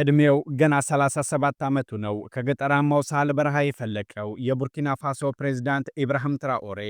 ዕድሜው ገና 37 ዓመቱ ነው። ከገጠራማው ሳህል በረሃ የፈለቀው የቡርኪና ፋሶ ፕሬዝዳንት ኢብራሂም ትራኦሬ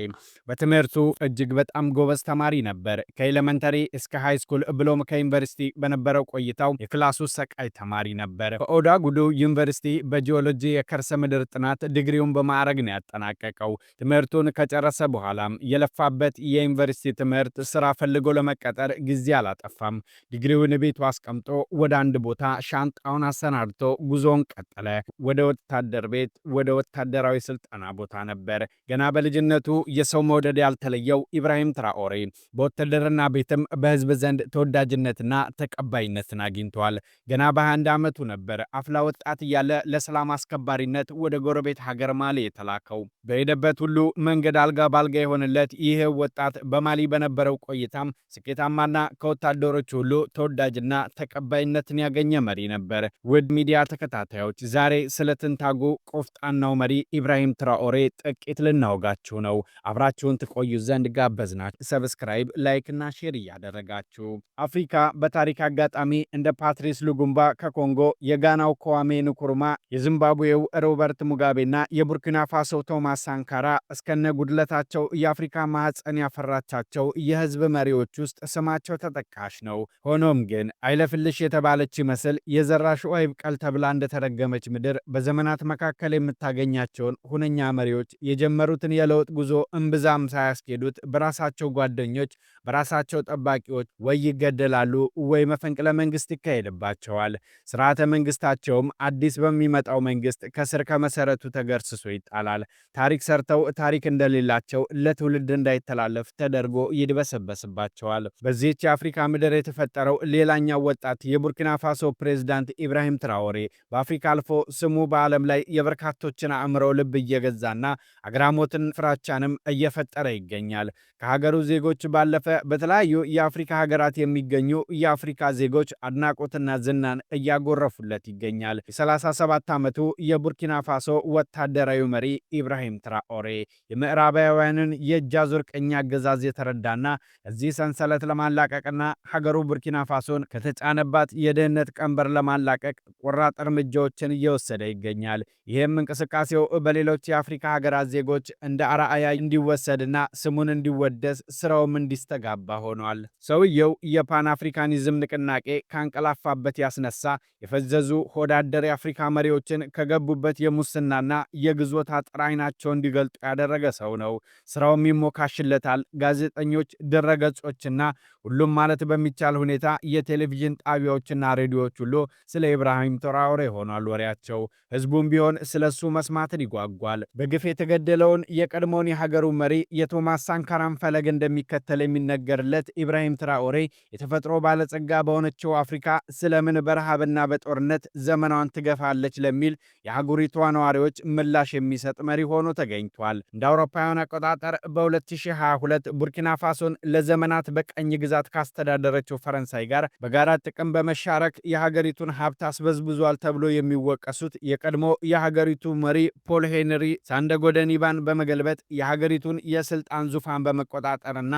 በትምህርቱ እጅግ በጣም ጎበዝ ተማሪ ነበር። ከኤሌመንተሪ እስከ ሃይስኩል ብሎም ከዩኒቨርሲቲ በነበረው ቆይታው የክላሱ ሰቃይ ተማሪ ነበር። በኦዳጉዱ ዩኒቨርሲቲ በጂኦሎጂ የከርሰ ምድር ጥናት ዲግሪውን በማዕረግ ነው ያጠናቀቀው። ትምህርቱን ከጨረሰ በኋላም የለፋበት የዩኒቨርሲቲ ትምህርት ስራ ፈልጎ ለመቀጠር ጊዜ አላጠፋም። ዲግሪውን ቤቱ አስቀምጦ ወደ አንድ ቦታ ሻን ቋንቋውን አሰናድቶ ጉዞውን ቀጠለ። ወደ ወታደር ቤት፣ ወደ ወታደራዊ ስልጠና ቦታ ነበር። ገና በልጅነቱ የሰው መውደድ ያልተለየው ኢብራሂም ትራኦሬ በወታደርና ቤትም በህዝብ ዘንድ ተወዳጅነትና ተቀባይነትን አግኝቷል። ገና በ21 ዓመቱ ነበር አፍላ ወጣት እያለ ለሰላም አስከባሪነት ወደ ጎረቤት ሀገር ማሊ የተላከው። በሄደበት ሁሉ መንገድ አልጋ ባልጋ የሆነለት ይህ ወጣት በማሊ በነበረው ቆይታም ስኬታማና ከወታደሮች ሁሉ ተወዳጅና ተቀባይነትን ያገኘ መሪ ነበር። ነበር። ውድ ሚዲያ ተከታታዮች ዛሬ ስለ ትንታጉ ቆፍጣናው መሪ ኢብራሂም ትራኦሬ ጥቂት ልናወጋችሁ ነው። አብራችሁን ትቆዩ ዘንድ ጋበዝናችሁ። ሰብስክራይብ፣ ላይክና ሼር እያደረጋችሁ አፍሪካ በታሪክ አጋጣሚ እንደ ፓትሪስ ሉጉምባ ከኮንጎ የጋናው ከዋሜ ንኩሩማ የዚምባብዌው ሮበርት ሙጋቤና የቡርኪና ፋሶ ቶማስ ሳንካራ እስከነ ጉድለታቸው የአፍሪካ ማህፀን ያፈራቻቸው የህዝብ መሪዎች ውስጥ ስማቸው ተጠቃሽ ነው። ሆኖም ግን አይለፍልሽ የተባለች ይመስል ለዘራሽ ውኃ ቀል ተብላ እንደተረገመች ምድር በዘመናት መካከል የምታገኛቸውን ሁነኛ መሪዎች የጀመሩትን የለውጥ ጉዞ እምብዛም ሳያስኬዱት በራሳቸው ጓደኞች፣ በራሳቸው ጠባቂዎች ወይ ይገደላሉ ወይ መፈንቅለ መንግስት ይካሄድባቸዋል። ስርዓተ መንግስታቸውም አዲስ በሚመጣው መንግስት ከስር ከመሰረቱ ተገርስሶ ይጣላል። ታሪክ ሰርተው ታሪክ እንደሌላቸው ለትውልድ እንዳይተላለፍ ተደርጎ ይድበሰበስባቸዋል። በዚህች የአፍሪካ ምድር የተፈጠረው ሌላኛው ወጣት የቡርኪና ፋሶ ፕሬዝዳንት ፕሬዚዳንት ኢብራሂም ትራኦሬ በአፍሪካ አልፎ ስሙ በዓለም ላይ የበርካቶችን አእምሮ ልብ እየገዛና አግራሞትን፣ ፍራቻንም እየፈጠረ ይገኛል። ከሀገሩ ዜጎች ባለፈ በተለያዩ የአፍሪካ ሀገራት የሚገኙ የአፍሪካ ዜጎች አድናቆትና ዝናን እያጎረፉለት ይገኛል። የ37 ዓመቱ የቡርኪና ፋሶ ወታደራዊ መሪ ኢብራሂም ትራኦሬ የምዕራባውያንን የእጅ አዙር ቅኝ አገዛዝ የተረዳና እዚህ ሰንሰለት ለማላቀቅና ሀገሩ ቡርኪና ፋሶን ከተጫነባት የድህነት ቀንበር ለማ ለማላቀቅ ቆራጥ እርምጃዎችን እየወሰደ ይገኛል። ይህም እንቅስቃሴው በሌሎች የአፍሪካ ሀገራት ዜጎች እንደ አርአያ እንዲወሰድና ስሙን እንዲወደስ ስራውም እንዲስተጋባ ሆኗል። ሰውየው የፓን አፍሪካኒዝም ንቅናቄ ካንቀላፋበት ያስነሳ የፈዘዙ ሆዳደር የአፍሪካ መሪዎችን ከገቡበት የሙስናና የግዞት አጥር አይናቸው እንዲገልጡ ያደረገ ሰው ነው። ስራውም ይሞካሽለታል። ጋዜጠኞች፣ ድረገጾችና ሁሉም ማለት በሚቻል ሁኔታ የቴሌቪዥን ጣቢያዎችና ሬዲዮዎች ሁሉ ስለ ኢብራሂም ትራኦሬ ሆኗል ወሬያቸው። ህዝቡም ቢሆን ስለ እሱ መስማትን ይጓጓል። በግፍ የተገደለውን የቀድሞውን የሀገሩ መሪ የቶማስ ሳንካራን ፈለግ እንደሚከተል የሚነገርለት ኢብራሂም ትራኦሬ የተፈጥሮ ባለጸጋ በሆነችው አፍሪካ ስለምን በረሃብና በጦርነት ዘመናዋን ትገፋለች ለሚል የአህጉሪቷ ነዋሪዎች ምላሽ የሚሰጥ መሪ ሆኖ ተገኝቷል። እንደ አውሮፓውያን አቆጣጠር በ2022 ቡርኪና ፋሶን ለዘመናት በቀኝ ግዛት ካስተዳደረችው ፈረንሳይ ጋር በጋራ ጥቅም በመሻረክ የሀገሪቱን ሀብት አስበዝብዟል ተብሎ የሚወቀሱት የቀድሞ የሀገሪቱ መሪ ፖል ሄንሪ ሳንደጎደኒባን በመገልበጥ የሀገሪቱን የስልጣን ዙፋን በመቆጣጠርና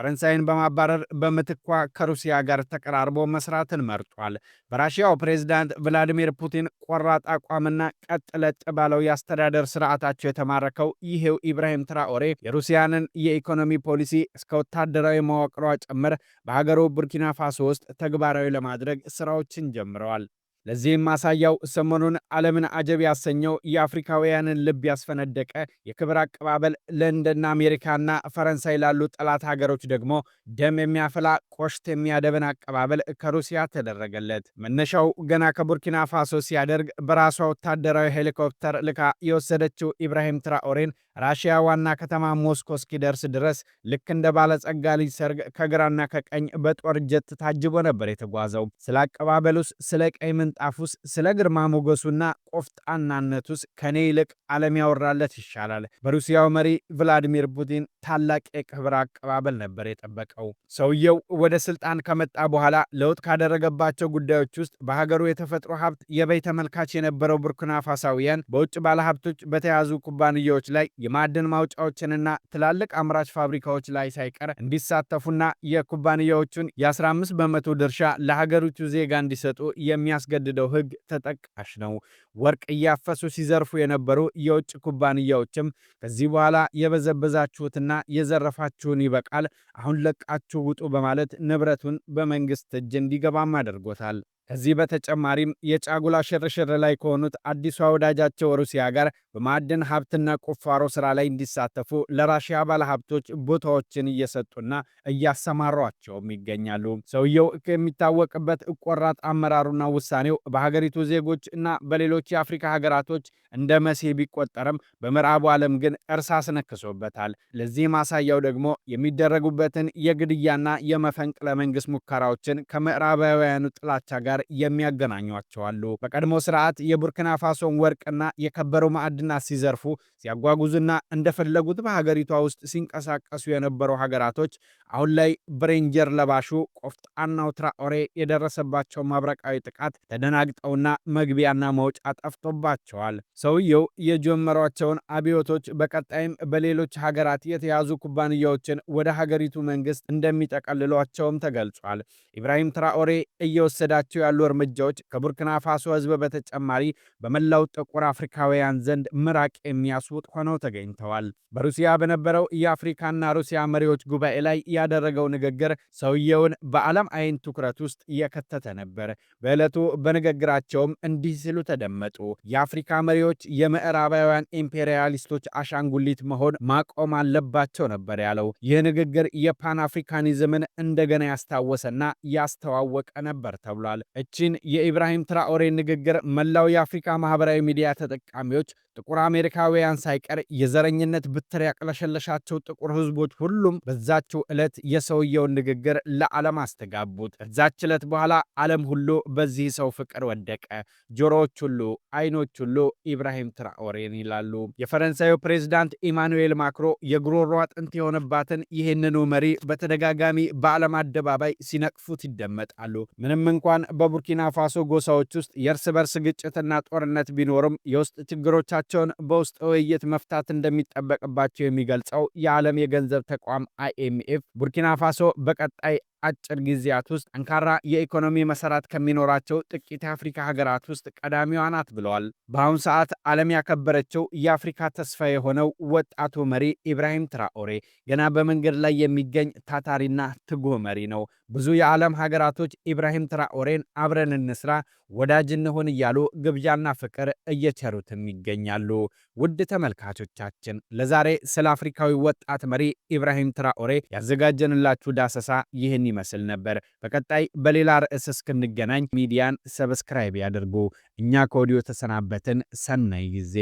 ፈረንሳይን በማባረር በምትኳ ከሩሲያ ጋር ተቀራርቦ መስራትን መርጧል። በራሽያው ፕሬዝዳንት ቭላዲሚር ፑቲን ቆራጥ አቋምና ቀጥ ለጥ ባለው የአስተዳደር ስርዓታቸው የተማረከው ይሄው ኢብራሂም ትራኦሬ የሩሲያንን የኢኮኖሚ ፖሊሲ እስከ ወታደራዊ መዋቅሯ ጭምር በሀገሩ ቡርኪና ፋሶ ውስጥ ተግባራዊ ለማድረግ ስራዎችን ጀምረዋል። ለዚህም ማሳያው ሰሞኑን ዓለምን አጀብ ያሰኘው የአፍሪካውያንን ልብ ያስፈነደቀ የክብር አቀባበል ለንደንና አሜሪካና ፈረንሳይ ላሉ ጠላት ሀገሮች ደግሞ ደም የሚያፈላ ቆሽት የሚያደብን አቀባበል ከሩሲያ ተደረገለት። መነሻው ገና ከቡርኪና ፋሶ ሲያደርግ በራሷ ወታደራዊ ሄሊኮፕተር ልካ የወሰደችው ኢብራሂም ትራኦሬን ራሽያ ዋና ከተማ ሞስኮ እስኪደርስ ድረስ ልክ እንደ ባለጸጋ ልጅ ሰርግ ከግራና ከቀኝ በጦር ጀት ታጅቦ ነበር የተጓዘው። ስለ አቀባበሉስ ስለ ቀይ ምንጣ ምንጣፉስ ስለ ግርማ ሞገሱና ቆፍጣናነቱስ ከኔ ይልቅ ዓለም ያወራለት ይሻላል። በሩሲያው መሪ ቭላዲሚር ፑቲን ታላቅ የክብር አቀባበል ነበር የጠበቀው። ሰውየው ወደ ስልጣን ከመጣ በኋላ ለውጥ ካደረገባቸው ጉዳዮች ውስጥ በሀገሩ የተፈጥሮ ሀብት የበይ ተመልካች የነበረው ቡርኪና ፋሳውያን በውጭ ባለሀብቶች በተያዙ ኩባንያዎች ላይ የማዕድን ማውጫዎችንና ትላልቅ አምራች ፋብሪካዎች ላይ ሳይቀር እንዲሳተፉና የኩባንያዎቹን የ15 በመቶ ድርሻ ለሀገሪቱ ዜጋ እንዲሰጡ የሚያስገ ያስገድደው ሕግ ተጠቃሽ ነው። ወርቅ እያፈሱ ሲዘርፉ የነበሩ የውጭ ኩባንያዎችም ከዚህ በኋላ የበዘበዛችሁትና የዘረፋችሁን ይበቃል፣ አሁን ለቃችሁ ውጡ በማለት ንብረቱን በመንግስት እጅ እንዲገባም አድርጎታል። ከዚህ በተጨማሪም የጫጉላ ሽርሽር ላይ ከሆኑት አዲሷ ወዳጃቸው ሩሲያ ጋር በማዕድን ሀብትና ቁፋሮ ስራ ላይ እንዲሳተፉ ለራሽያ ባለሀብቶች ቦታዎችን እየሰጡና እያሰማሯቸውም ይገኛሉ። ሰውየው ከሚታወቅበት ቆራጥ አመራሩና ውሳኔው በሀገሪቱ ዜጎች እና በሌሎች የአፍሪካ ሀገራቶች እንደ መሴ ቢቆጠርም በምዕራቡ ዓለም ግን እርሳስ ነክሶበታል። ለዚህ ማሳያው ደግሞ የሚደረጉበትን የግድያና የመፈንቅለ መንግስት ሙከራዎችን ከምዕራባውያኑ ጥላቻ ጋር ጋር የሚያገናኟቸዋሉ። አሉ። በቀድሞ ስርዓት የቡርኪና ፋሶን ወርቅና የከበሩ ማዕድናት ሲዘርፉ ሲያጓጉዙና እንደፈለጉት በሀገሪቷ ውስጥ ሲንቀሳቀሱ የነበሩ ሀገራቶች አሁን ላይ በሬንጀር ለባሹ ቆፍጣናው ትራኦሬ የደረሰባቸው ማብረቃዊ ጥቃት ተደናግጠውና መግቢያና መውጫ ጠፍቶባቸዋል። ሰውየው የጀመሯቸውን አብዮቶች በቀጣይም በሌሎች ሀገራት የተያዙ ኩባንያዎችን ወደ ሀገሪቱ መንግስት እንደሚጠቀልሏቸውም ተገልጿል። ኢብራሂም ትራኦሬ እየወሰዳቸው ያሉ እርምጃዎች ከቡርኪና ፋሶ ህዝብ በተጨማሪ በመላው ጥቁር አፍሪካውያን ዘንድ ምራቅ የሚያስውጥ ሆነው ተገኝተዋል። በሩሲያ በነበረው የአፍሪካና ሩሲያ መሪዎች ጉባኤ ላይ ያደረገው ንግግር ሰውየውን በዓለም አይን ትኩረት ውስጥ የከተተ ነበር። በዕለቱ በንግግራቸውም እንዲህ ሲሉ ተደመጡ። የአፍሪካ መሪዎች የምዕራባውያን ኢምፔሪያሊስቶች አሻንጉሊት መሆን ማቆም አለባቸው ነበር ያለው። ይህ ንግግር የፓን አፍሪካኒዝምን እንደገና ያስታወሰና ያስተዋወቀ ነበር ተብሏል። እቺን የኢብራሂም ትራኦሬ ንግግር መላው የአፍሪካ ማህበራዊ ሚዲያ ተጠቃሚዎች ጥቁር አሜሪካውያን ሳይቀር የዘረኝነት ብትር ያቅለሸለሻቸው ጥቁር ህዝቦች ሁሉም በዛችው ዕለት የሰውየውን ንግግር ለዓለም አስተጋቡት። ከዛች ዕለት በኋላ ዓለም ሁሉ በዚህ ሰው ፍቅር ወደቀ። ጆሮዎች ሁሉ፣ አይኖች ሁሉ ኢብራሂም ትራኦሬን ይላሉ። የፈረንሳዩ ፕሬዚዳንት ኢማኑኤል ማክሮ የጉሮሮ አጥንት የሆነባትን ይህንኑ መሪ በተደጋጋሚ በዓለም አደባባይ ሲነቅፉት ይደመጣሉ። ምንም እንኳን በቡርኪና ፋሶ ጎሳዎች ውስጥ የእርስ በርስ ግጭትና ጦርነት ቢኖርም የውስጥ ችግሮቻቸው ችግራቸውን በውስጥ ውይይት መፍታት እንደሚጠበቅባቸው የሚገልጸው የዓለም የገንዘብ ተቋም አይኤምኤፍ ቡርኪና ፋሶ በቀጣይ አጭር ጊዜያት ውስጥ ጠንካራ የኢኮኖሚ መሰረት ከሚኖራቸው ጥቂት የአፍሪካ ሀገራት ውስጥ ቀዳሚዋ ናት ብለዋል። በአሁኑ ሰዓት ዓለም ያከበረችው የአፍሪካ ተስፋ የሆነው ወጣቱ መሪ ኢብራሂም ትራኦሬ ገና በመንገድ ላይ የሚገኝ ታታሪና ትጉ መሪ ነው። ብዙ የዓለም ሀገራቶች ኢብራሂም ትራኦሬን አብረን እንስራ፣ ወዳጅ እንሆን እያሉ ግብዣና ፍቅር እየቸሩትም ይገኛሉ። ውድ ተመልካቾቻችን ለዛሬ ስለ አፍሪካዊ ወጣት መሪ ኢብራሂም ትራኦሬ ያዘጋጀንላችሁ ዳሰሳ ይህን ይህን ይመስል ነበር። በቀጣይ በሌላ ርዕስ እስክንገናኝ ሚዲያን ሰብስክራይብ ያድርጉ። እኛ ከወዲሁ ተሰናበትን። ሰናይ ጊዜ